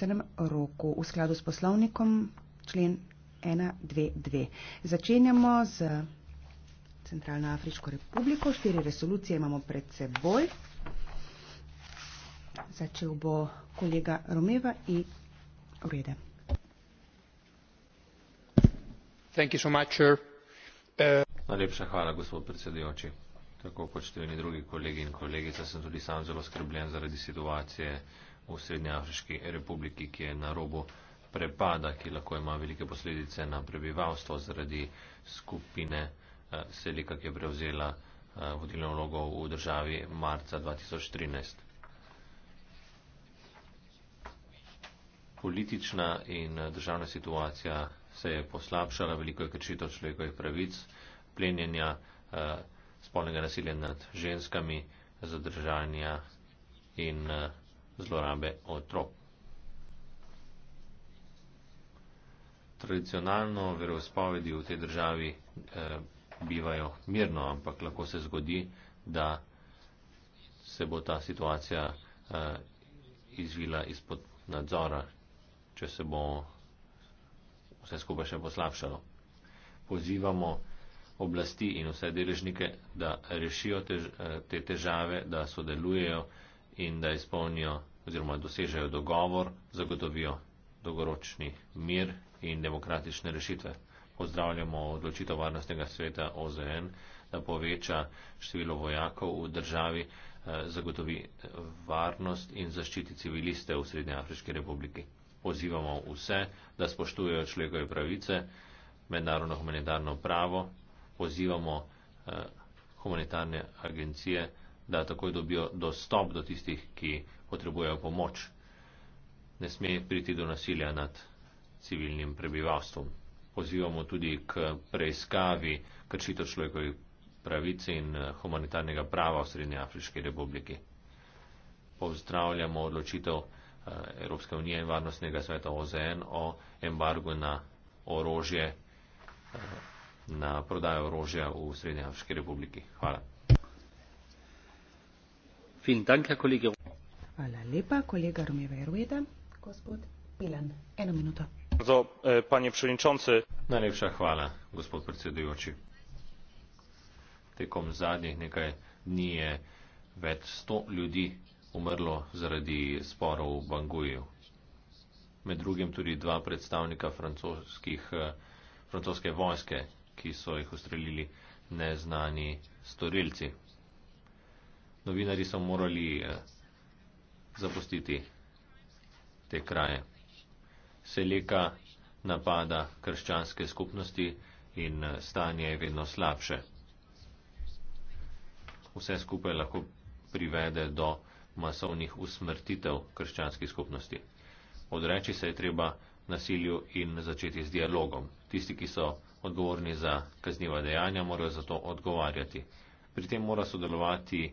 skrajšanem roku v skladu s poslovnikom člen 1.2.2. Začenjamo z Centralno Afriško republiko. Štiri resolucije imamo pred seboj. Začel bo kolega Romeva in urede. So uh... Najlepša hvala, gospod predsedujoči. Tako kot številni drugi kolegi in kolegica sem tudi sam zelo skrbljen zaradi situacije, uh, v Srednjeafriški republiki, ki je na robu prepada, ki lahko ima velike posledice na prebivalstvo zaradi skupine eh, Selika, ki je prevzela eh, vodilno vlogo v državi marca 2013. Politična in eh, državna situacija se je poslabšala, veliko je kršitev človekovih pravic, plenjenja, spolnega nasilja nad ženskami, zadržanja in zlorabe otrok. Tradicionalno verospovedi v tej državi e, bivajo mirno, ampak lahko se zgodi, da se bo ta situacija e, izvila izpod nadzora, če se bo vse skupaj še poslabšalo. Pozivamo oblasti in vse deležnike, da rešijo tež, eh, te težave, da sodelujejo. E, in da izpolnijo oziroma dosežejo dogovor, zagotovijo dolgoročni mir in demokratične rešitve. Pozdravljamo odločitev varnostnega sveta OZN, da poveča število vojakov v državi, eh, zagotovi eh, varnost in zaščiti civiliste v Srednje Afriški republiki. Pozivamo vse, da spoštujejo človekove pravice, mednarodno humanitarno pravo, pozivamo eh, humanitarne agencije, da takoj dobijo dostop do tistih, ki potrebujejo pomoč. Ne sme priti do nasilja nad civilnim prebivalstvom. Pozivamo tudi k preiskavi kršitev človekovih pravic in eh, humanitarnega prava v Srednje Afriški republiki. Pozdravljamo odločitev eh, Evropske unije in Varnostnega sveta OZN o embargu na orožje, eh, na prodajo orožja v Srednje Afriški republiki. Hvala. Hvala lepa. Kolega Romeva Erueta. Gospod Pilan, eno minuto. Zo, eh, Najlepša hvala, gospod predsedujoči. Tekom zadnjih nekaj dni je več sto ljudi umrlo zaradi sporov v Banguju. Med drugim tudi dva predstavnika francoskih, e, francoske vojske, ki so jih ustrelili neznani storilci novinari so morali eh, zapustiti te kraje. Seleka napada krščanske skupnosti in eh, stanje je vedno slabše. Vse skupaj lahko privede do masovnih usmrtitev krščanskih skupnosti. Odreči se je treba nasilju in začeti z dialogom. Tisti, ki so odgovorni za kazniva dejanja, morajo za to odgovarjati. Pri tem mora sodelovati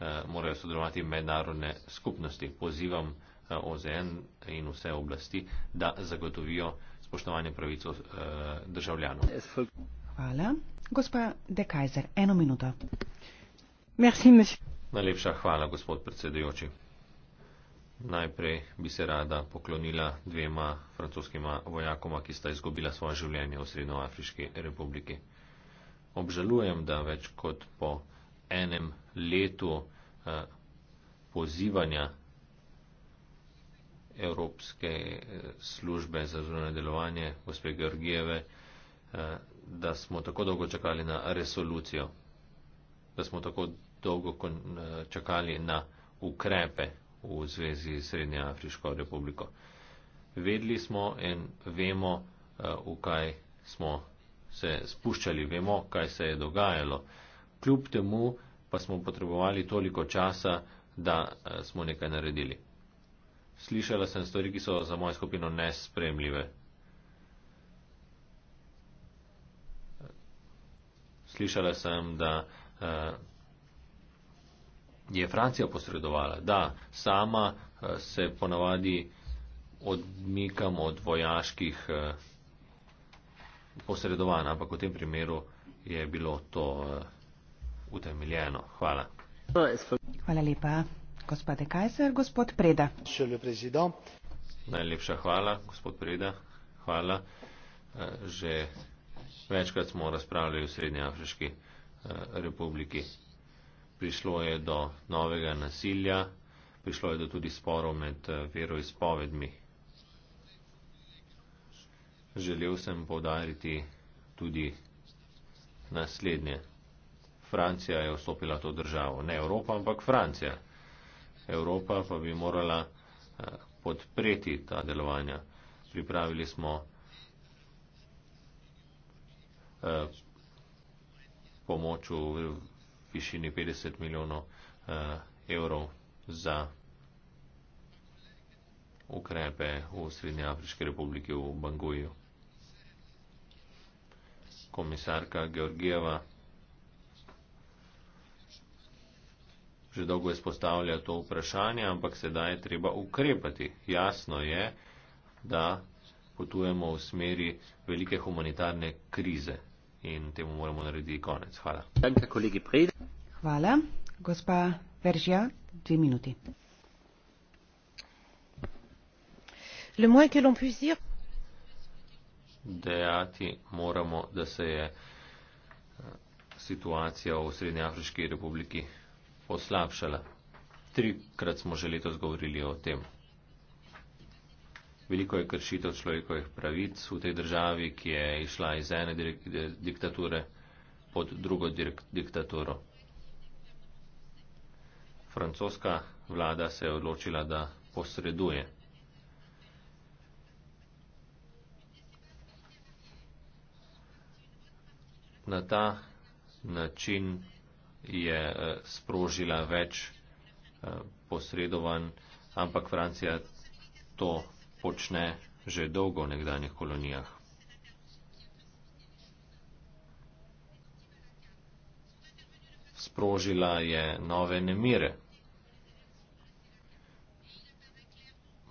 Eh, morajo sodelovati mednarodne skupnosti. Pozivam eh, OZN in vse oblasti, da zagotovijo spoštovanje pravico eh, državljanov. Hvala. Gospa De Kajzer, eno minuto. Merci, Najlepša hvala, gospod predsedujoči. Najprej bi se rada poklonila dvema francoskima vojakoma, ki sta izgubila svoje življenje v Srednjoafriški republiki. Obžalujem, da več kot po enem letu eh, pozivanja Evropske eh, službe za zunanje delovanje gospe Georgijeve, eh, da smo tako dolgo čakali na resolucijo, da smo tako dolgo čakali na ukrepe v zvezi s Srednjeafriško republiko. Vedli smo in vemo, v kaj smo se spuščali, vemo, kaj se je dogajalo kljub temu pa smo potrebovali toliko časa, da eh, smo nekaj naredili. Slišala sem stvari, ki so za mojo skupino nespremljive. Slišala sem, da uh, je Francija posredovala, da sama uh, se ponavadi odmikam od vojaških uh, posredovanj, ampak v tem primeru je bilo to. Uh, utemeljeno. Hvala. Hvala lepa, gospode Kajser, gospod Preda. Najlepša hvala, gospod Preda. Hvala. Eh, že večkrat smo razpravljali v Srednji Afriški eh, republiki. Prišlo je do novega nasilja, prišlo je do tudi sporov med eh, veroizpovedmi. Želel sem povdariti tudi naslednje. Francija je vstopila to državo. Ne Evropa, ampak Francija. Evropa pa bi morala eh, podpreti ta delovanja. Pripravili smo eh, pomoč v višini 50 milijonov eh, evrov za ukrepe v Srednje Afriške republike v Banguju. Komisarka Georgijeva že dolgo izpostavlja to vprašanje, ampak sedaj je treba ukrepati. Jasno je, da potujemo v smeri velike humanitarne krize in temu moramo narediti konec. Hvala. Danke, kolegi, Hvala. Gospa Veržja, dve minuti. Dejati moramo, da se je eh, situacija v Srednjeafriški republiki poslabšala. Trikrat smo že letos govorili o tem. Veliko je kršitev človekovih pravic v tej državi, ki je išla iz ene diktature pod drugo diktaturo. Francoska vlada se je odločila, da posreduje. Na ta način je eh, sprožila več eh, posredovanj, ampak Francija to počne že dolgo v nekdanjih kolonijah. Sprožila je nove nemire.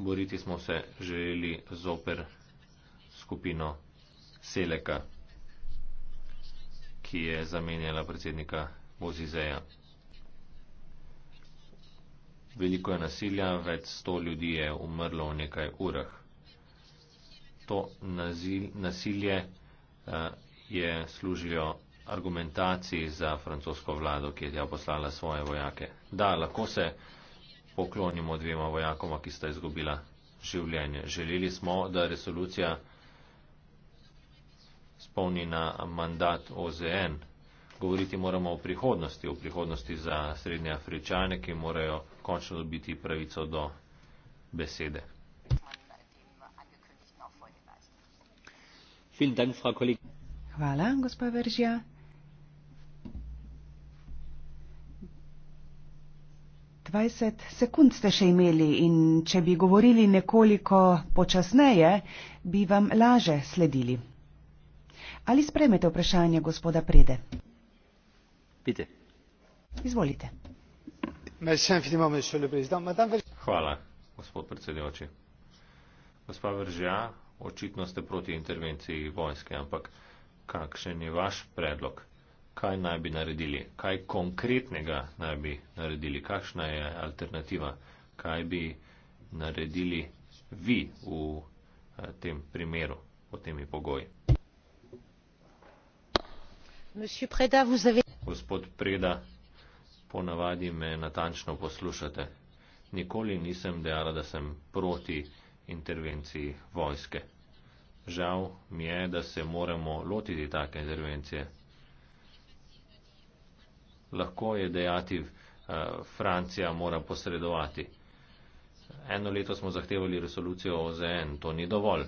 Boriti smo se želeli zoper skupino Seleka, ki je zamenjala predsednika Mozizeja. Veliko je nasilja, več sto ljudi je umrlo v nekaj urah. To nazil, nasilje uh, je služilo argumentaciji za francosko vlado, ki je tja poslala svoje vojake. Da, lahko se poklonimo dvema vojakoma, ki sta izgubila življenje. Želeli smo, da resolucija spolni na mandat OZN, govoriti moramo o prihodnosti, o prihodnosti za srednje Afričane, ki morajo končno dobiti pravico do besede. Hvala, gospa Veržja. Dvajset sekund ste še imeli in če bi govorili nekoliko počasneje, bi vam laže sledili. Ali spremete vprašanje gospoda Prede? gospa veržja očitno ste proti intervenciji vojske ampak kakšen je vaš predlog kaj naj bi naredili kaj konkretnega naj bi naredili kakšna je alternativa kaj bi naredili vi v eh, tem primeru pod temi pogoji Gospod Preda, ponavadi me natančno poslušate. Nikoli nisem dejala, da sem proti intervenciji vojske. Žal mi je, da se moramo lotiti take intervencije. Lahko je dejati, eh, Francija mora posredovati. Eno leto smo zahtevali resolucijo OZN, to ni dovolj.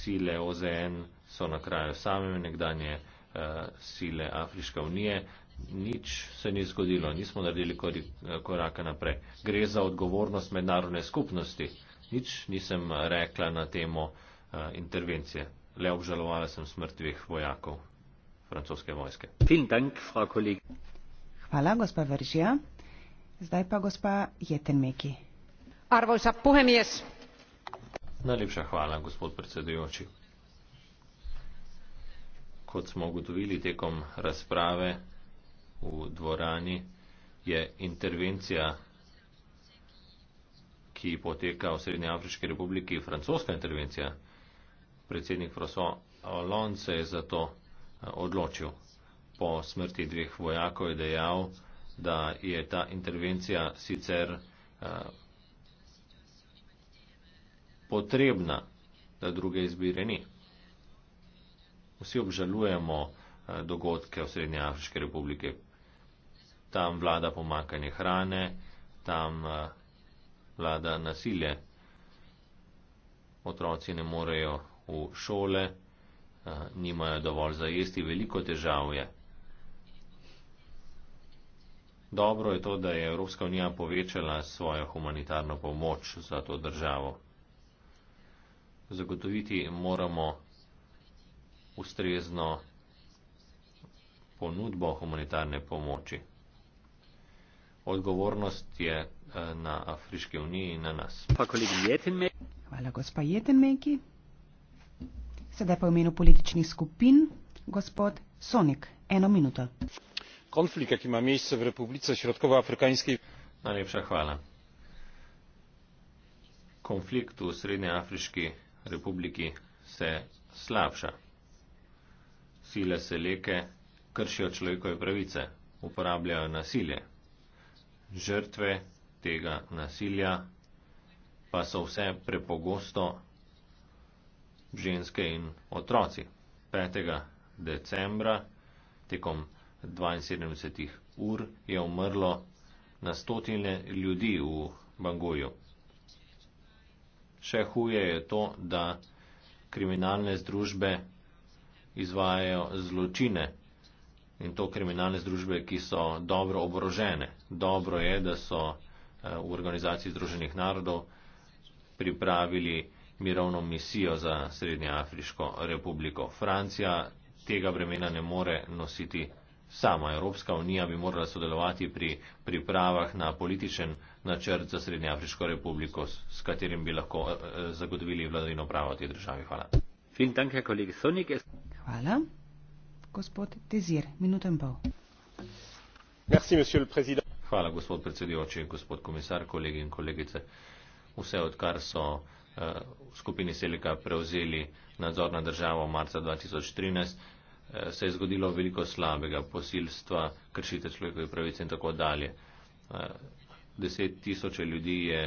Sile OZN so na kraju same nekdanje eh, sile Afriške unije. Nič se ni zgodilo, nismo naredili koraka naprej. Gre za odgovornost mednarodne skupnosti. Nič nisem rekla na temo eh, intervencije. Le obžalovala sem smrt dveh vojakov francoske vojske. Hvala, gospa Veržija. Zdaj pa gospa Jetenmeki. Arvoj za puhemies. Najlepša hvala, gospod predsedujoči kot smo ugotovili tekom razprave v dvorani, je intervencija, ki poteka v Srednji Afriški republiki, francoska intervencija. Predsednik Proso Alon se je zato eh, odločil. Po smrti dveh vojakov je dejal, da je ta intervencija sicer eh, potrebna, da druge izbire ni vsi obžalujemo eh, dogodke v Srednje Afriške republike. Tam vlada pomakanje hrane, tam eh, vlada nasilje. Otroci ne morejo v šole, eh, nimajo dovolj za jesti, veliko težav je. Dobro je to, da je Evropska unija povečala svojo humanitarno pomoč za to državo. Zagotoviti moramo ustrezno ponudbo humanitarne pomoči. Odgovornost je eh, na Afriški uniji in na nas. Hvala, gospa Jetenmeki. Sedaj pa v imenu političnih skupin, gospod Sonik, eno minuto. Konflikt, ki ima mesto v Republike Srednjoafrikanske. Najlepša hvala. Konflikt v Srednjeafriški republiki se slabša sile seleke kršijo človekove pravice, uporabljajo nasilje. Žrtve tega nasilja pa so vse prepogosto ženske in otroci. 5. decembra tekom 72 ur je umrlo na stotine ljudi v Bangoju. Še huje je to, da kriminalne združbe izvajajo zločine in to kriminalne združbe, ki so dobro oborožene. Dobro je, da so eh, v organizaciji Združenih narodov pripravili mirovno misijo za Srednjeafriško republiko. Francija tega bremena ne more nositi sama. Evropska unija bi morala sodelovati pri pripravah na političen načrt za Srednjeafriško republiko, s katerim bi lahko eh, eh, zagotovili vladavino prava v tej državi. Hvala. Vielen Dank, Herr Kollege Sonik. Hvala. Gospod Tezir, minuto in pol. Hvala, gospod predsedujoči, gospod komisar, kolegi in kolegice. Vse odkar so eh, v skupini Selika prevzeli nadzor na državo marca 2013, eh, se je zgodilo veliko slabega, posilstva, kršite človekove pravice in tako dalje. Eh, deset tisoče ljudi je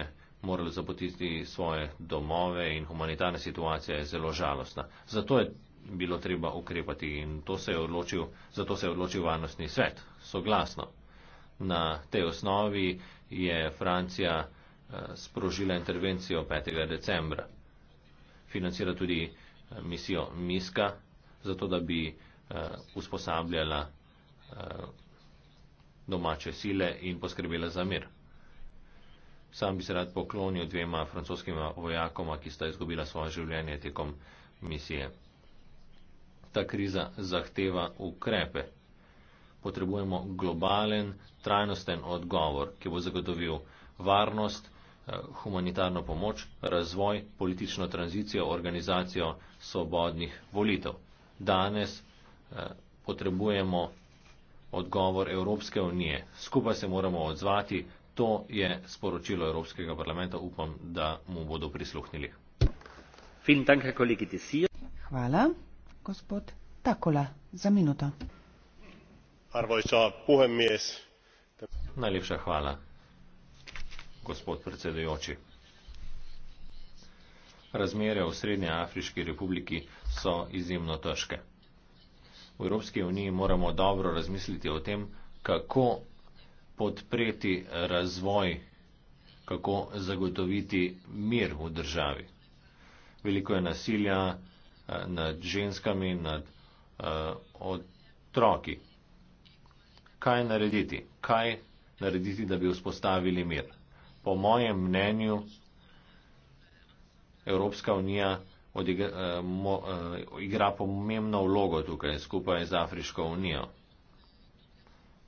moralo zapotiti svoje domove in humanitarna situacija je zelo žalostna. Zato je bilo treba ukrepati in to se je odločil, zato se je odločil varnostni svet, soglasno. Na tej osnovi je Francija eh, sprožila intervencijo 5. decembra. Financira tudi eh, misijo Miska, zato da bi eh, usposabljala domače sile in poskrbela za mir. Sam bi se rad poklonil dvema francoskima vojakoma, ki sta izgubila svoje življenje tekom misije ta kriza zahteva ukrepe. Potrebujemo globalen, trajnosten odgovor, ki bo zagotovil varnost, eh, humanitarno pomoč, razvoj, politično tranzicijo, organizacijo svobodnih volitev. Danes eh, potrebujemo odgovor Evropske unije. Skupaj se moramo odzvati. To je sporočilo Evropskega parlamenta. Upam, da mu bodo prisluhnili. Hvala arvoisa puhemies najlepša hvala gospod predsedujoči razmere v srednje afriški republiki so izjemno težke v evropski uniji moramo dobro razmisliti o tem kako podpreti razvoj kako zagotoviti mir v državi veliko je nasilja nad ženskami, nad uh, otroki. Kaj narediti? Kaj narediti, da bi vzpostavili mir? Po mojem mnenju Evropska unija odigra, uh, mo, uh, igra pomembno vlogo tukaj skupaj z Afriško unijo.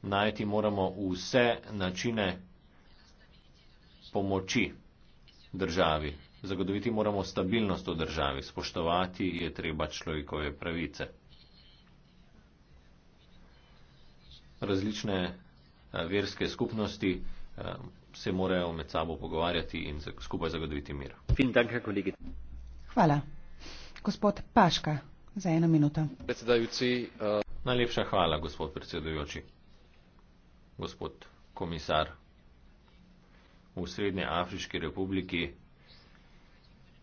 Najti moramo vse načine pomoči državi, Zagotoviti moramo stabilnost v državi, spoštovati je treba človekove pravice. Različne eh, verske skupnosti eh, se morajo med sabo pogovarjati in skupaj zagotoviti mir. Hvala. Gospod Paška, za eno minuto. Eh, Najlepša hvala, gospod predsedujoči, gospod komisar. V Srednje Afriški republiki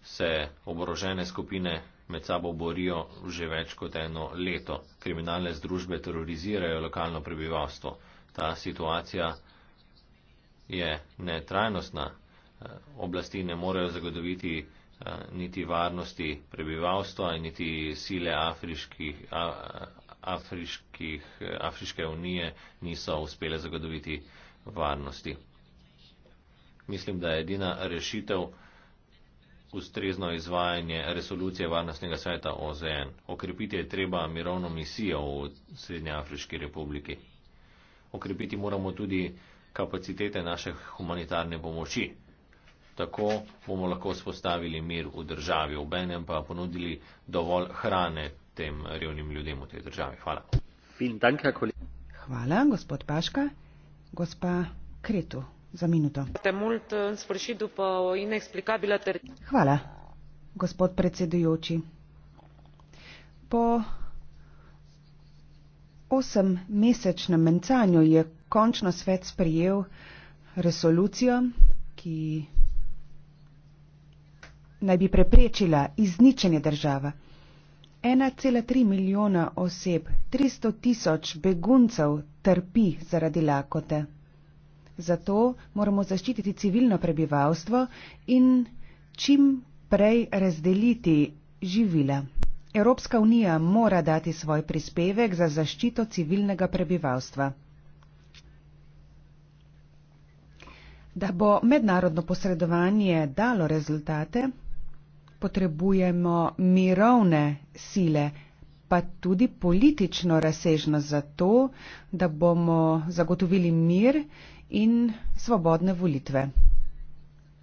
se oborožene skupine med sabo borijo že več kot eno leto. Kriminalne združbe terorizirajo lokalno prebivalstvo. Ta situacija je netrajnostna. Eh, oblasti ne morejo zagotoviti eh, niti varnosti prebivalstva, niti sile afriških, afriških, eh, Afriške unije niso uspele zagotoviti varnosti. Mislim, da je edina rešitev, ustrezno izvajanje resolucije Varnostnega sveta OZN. Okrepiti je treba mirovno misijo v Srednjeafriški republiki. Okrepiti moramo tudi kapacitete naše humanitarne pomoči. Tako bomo lahko spostavili mir v državi, obenem pa ponudili dovolj hrane tem revnim ljudem v tej državi. Hvala. Hvala, gospod Paška. Gospa Kretu. Hvala, gospod predsedujoči. Po osemmesečnem mencanju je končno svet sprejel resolucijo, ki naj bi preprečila izničenje države. 1,3 milijona oseb, 300 tisoč beguncev trpi zaradi lakote. Zato moramo zaščititi civilno prebivalstvo in čim prej razdeliti živila. Evropska unija mora dati svoj prispevek za zaščito civilnega prebivalstva. Da bo mednarodno posredovanje dalo rezultate, potrebujemo mirovne sile, pa tudi politično razsežnost za to, da bomo zagotovili mir in in svobodne volitve.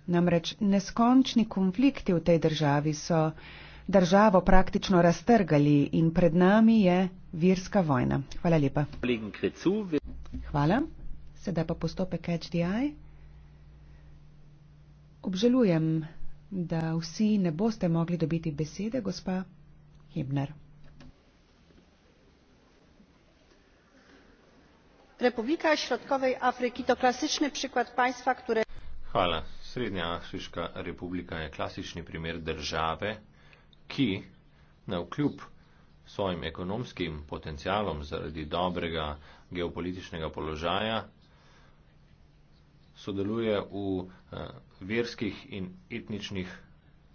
Namreč neskončni konflikti v tej državi so državo praktično raztrgali in pred nami je virska vojna. Hvala lepa. Hvala. Sedaj pa postopek HDI. Obžalujem, da vsi ne boste mogli dobiti besede, gospa Hibner. republika środkowej afryki to klasyczny przykład państwa które Hvala. Srednja Afriška republika je klasični primer države, ki na vkljub svojim ekonomskim potencialom zaradi dobrega geopolitičnega položaja sodeluje v eh, verskih in etničnih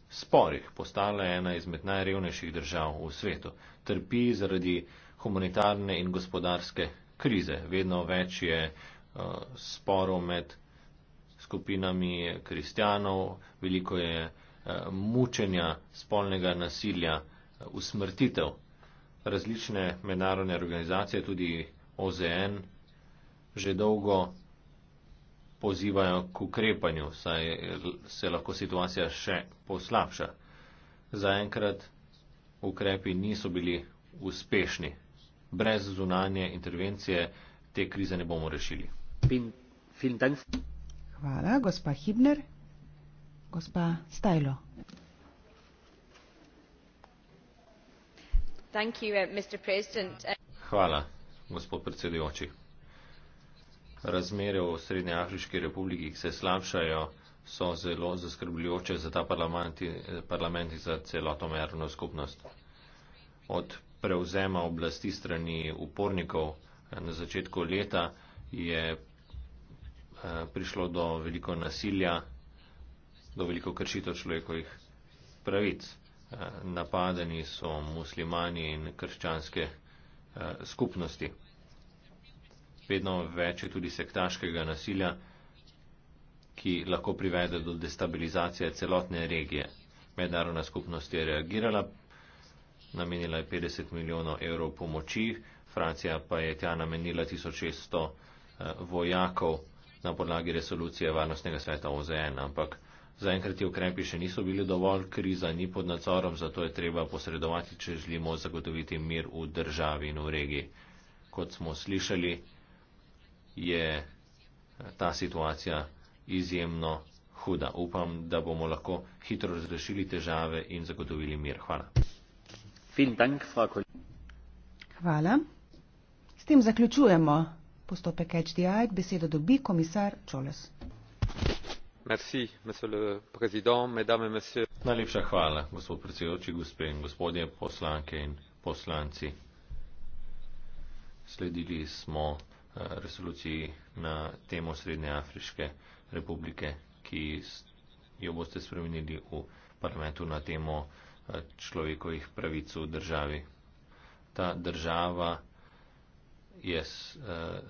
sporih. Postala je ena izmed najrevnejših držav v svetu. Trpi zaradi humanitarne in gospodarske krize. Vedno več je uh, sporov med skupinami kristjanov, veliko je uh, mučenja, spolnega nasilja, uh, usmrtitev. Različne mednarodne organizacije, tudi OZN, že dolgo pozivajo k ukrepanju, saj se lahko situacija še poslabša. Zaenkrat ukrepi niso bili uspešni brez zunanje intervencije te krize ne bomo rešili. Hvala, gospa Hibner. Gospa Stajlo. Uh, uh, Hvala, gospod predsedujoči. Razmere v Srednjeafriški republiki, ki se slabšajo, so zelo zaskrbljujoče za ta parlament in, eh, parlament in za celotno mernjo skupnost. Od prevzema oblasti strani upornikov na začetku leta je eh, prišlo do veliko nasilja, do veliko kršitev človekovih pravic. Eh, napadeni so muslimani in krščanske eh, skupnosti. Vedno več je tudi sektaškega nasilja, ki lahko privede do destabilizacije celotne regije. Mednarodna skupnost je reagirala, namenila je 50 milijonov evrov pomoči, Francija pa je tja namenila 1600 eh, vojakov na podlagi resolucije Varnostnega sveta OZN, ampak zaenkrat ti ukrepi še niso bili dovolj, kriza ni pod nadzorom, zato je treba posredovati, če želimo zagotoviti mir v državi in v regiji. Kot smo slišali, je eh, ta situacija izjemno huda. Upam, da bomo lahko hitro razrešili težave in zagotovili mir. Hvala. Hvala. S tem zaključujemo postopek HDI. Besedo dobi komisar Čoles. Merci, Najlepša hvala, gospod predsedoči, gospe in gospodje, poslanke in poslanci. Sledili smo eh, resoluciji na temo Srednje Afriške republike, ki jo boste spremenili v parlamentu na temo človekovih pravic v državi. Ta država je eh,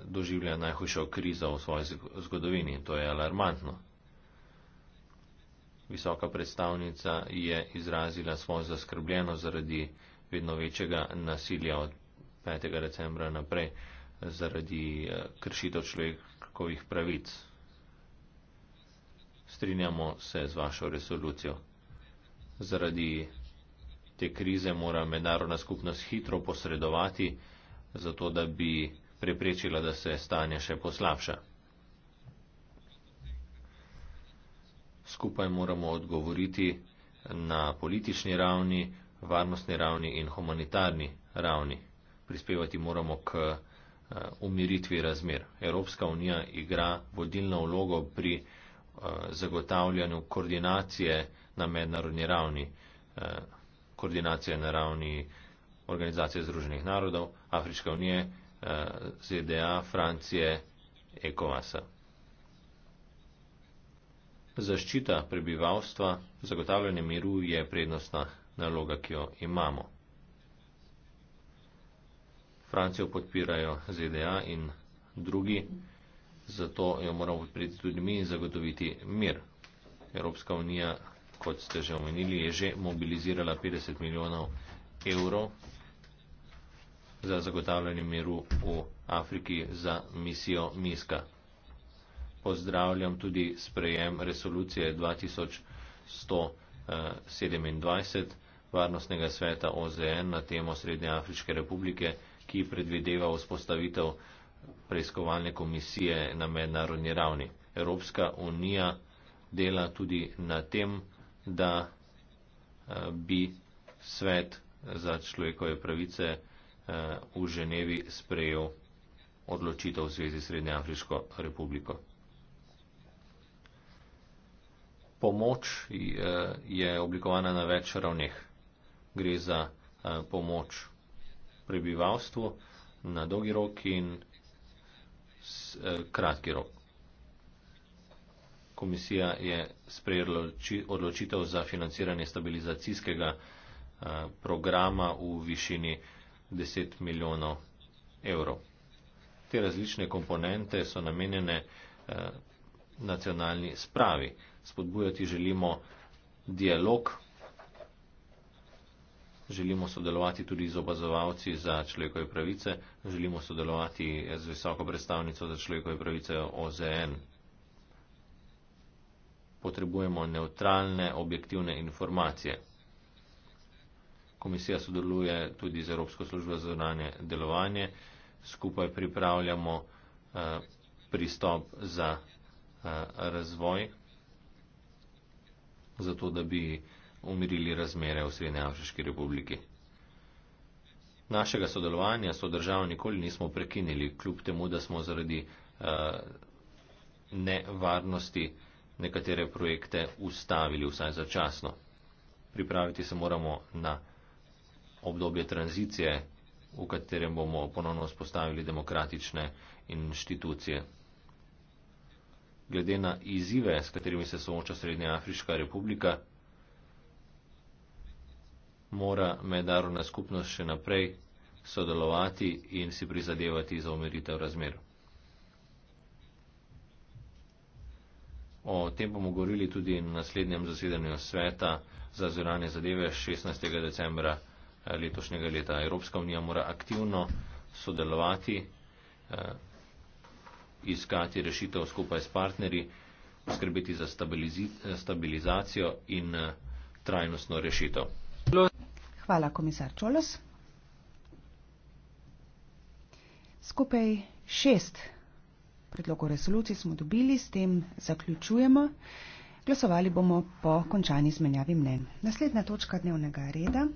doživljala najhujšo krizo v svoji zgodovini in to je alarmantno. Visoka predstavnica je izrazila svojo zaskrbljeno zaradi vedno večjega nasilja od 5. decembra naprej zaradi eh, kršitev človekovih pravic. Strinjamo se z vašo resolucijo. Zaradi te krize mora mednarodna skupnost hitro posredovati, zato da bi preprečila, da se stanje še poslabša. Skupaj moramo odgovoriti na politični ravni, varnostni ravni in humanitarni ravni. Prispevati moramo k eh, umiritvi razmer. Evropska unija igra vodilno vlogo pri eh, zagotavljanju koordinacije na mednarodni ravni. Eh, koordinacije na ravni Organizacije Združenih narodov, Afriške unije, eh, ZDA, Francije, ECOWAS-a. Zaščita prebivalstva, zagotavljanje miru je prednostna naloga, ki jo imamo. Francijo podpirajo ZDA in drugi, zato jo moramo podpreti tudi mi in zagotoviti mir. Evropska unija kot ste že omenili, je že mobilizirala 50 milijonov evrov za zagotavljanje miru v Afriki za misijo Miska. Pozdravljam tudi sprejem resolucije 2127 eh, Varnostnega sveta OZN na temo Srednje Afriške republike, ki predvideva vzpostavitev preiskovalne komisije na mednarodni ravni. Evropska unija dela tudi na tem, da eh, bi svet za človekove pravice eh, v Ženevi sprejel odločitev v zvezi s Srednjeafriško republiko. Pomoč eh, je oblikovana na več ravneh. Gre za pomoč prebivalstvu na dolgi rok in kratki rok komisija je sprejela odločitev za financiranje stabilizacijskega eh, programa v višini 10 milijonov evrov. Te različne komponente so namenjene eh, nacionalni spravi. Spodbujati želimo dialog, želimo sodelovati tudi z obazovalci za človekove pravice, želimo sodelovati z visoko predstavnico za človekove pravice OZN potrebujemo neutralne, objektivne informacije. Komisija sodeluje tudi z Evropsko službo za zunanje delovanje. Skupaj pripravljamo uh, pristop za uh, razvoj, zato da bi umirili razmere v Srednje Afriški republiki. Našega sodelovanja so državo nikoli nismo prekinili, kljub temu, da smo zaradi uh, nevarnosti uh, nekatere projekte ustavili vsaj začasno. Pripraviti se moramo na obdobje tranzicije, v katerem bomo ponovno spostavili demokratične inštitucije. Glede na izzive, s katerimi se sooča Srednja Afriška republika, mora mednarodna skupnost še naprej sodelovati in si prizadevati za umiritev razmer. O tem bomo govorili tudi na naslednjem zasedanju sveta za zunanje zadeve 16. decembra eh, letošnjega leta. Evropska unija mora aktivno sodelovati, eh, iskati rešitev skupaj s partnerji, skrbeti za stabilizacijo in eh, trajnostno rešitev. Hvala, komisar Čolos. Skupaj šest predlogu resolucij smo dobili, s tem zaključujemo. Glasovali bomo po končani izmenjavi mnen. Naslednja točka dnevnega reda.